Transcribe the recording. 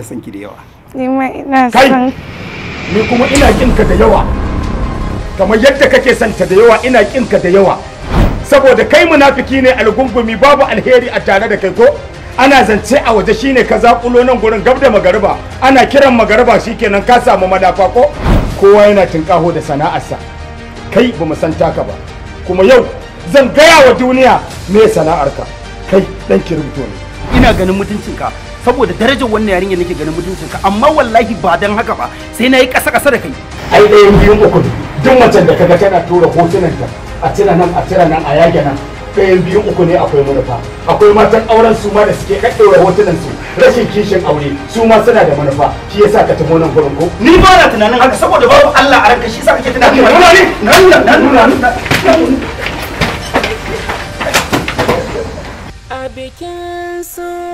ya san ki da yawa. Ni ma ina san. Ni kuma ina kin ka da yawa. Kamar yadda kake santa ta da yawa ina kin ka da yawa. Saboda kai munafiki ne algungumi babu alheri a tare da kai ko? Ana zance a waje shine ka zakulo nan gurin gab da magariba. Ana kiran magariba shikenan ka samu madafa ko? Kowa yana tinkaho da sana'arsa. Kai ba mu san taka ba. Kuma yau zan gaya wa duniya me sana'arka. Kai dan ki ne. Ina ganin mutuncinka saboda darajar wannan yarinyar nake ganin mutuncin ka amma wallahi ba dan haka ba sai na yi ƙasa ƙasa da kai ai ɗayan biyun uku duk macen da kaga tana tura hotunan ta a tira nan a tira nan a yage nan ɗayan biyun uku ne akwai manufa akwai matan auren su ma da suke kaɗewa hotunan su rashin kishin aure su ma suna da manufa shi yasa ka tafi nan gurin ko ni ba na tunanin haka saboda babu Allah a ranka shi yasa kake tunanin wani nan nan nan nan a bikin sun